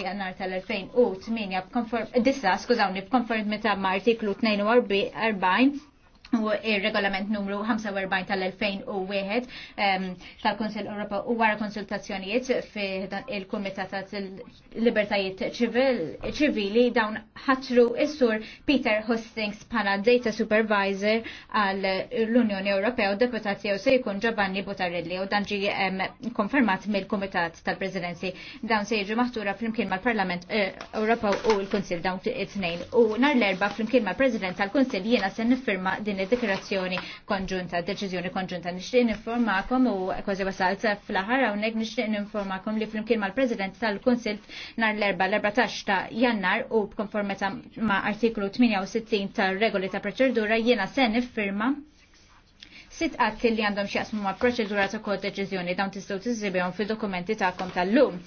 jannar tal-2008 b'konform, skużawni, b'konformita ta' artiklu 42 u il-regolament numru 45 tal-2001 tal-Konsil Ewropa u għara konsultazzjonijiet fi il-Kumitat tal-Libertajiet ċivili dawn ħatru is-sur Peter Hustings bħala Data Supervisor għal l-Unjoni Ewropea u deputat jew se jkun Giovanni Botarelli u dan ġi konfermat mill-Kumitat tal-Presidenzi dawn se jiġu maħtura flimkien mal-Parlament eh, Ewropa u l-Kunsil dawn it-tnejn u nar l-erba flimkien mal-President tal-Kunsil jiena se nifirma din id-dikrazzjoni konġunta, deċiżjoni konġunta. Nixtieq informakom u kważi wasalt fl-aħħar hawnhekk nixtieq informakom li flimkien mal-President tal-Kunsil nar l-erba l-14 ta' Jannar u b'konformità meta ma' artiklu 68 tar-regoli ta' proċedura jiena se niffirma sit atti li għandhom xieqsmu ma' proċedura ta' kod deċizjoni dawn tistgħu tiżibihom fil-dokumenti tagħkom tal-lum.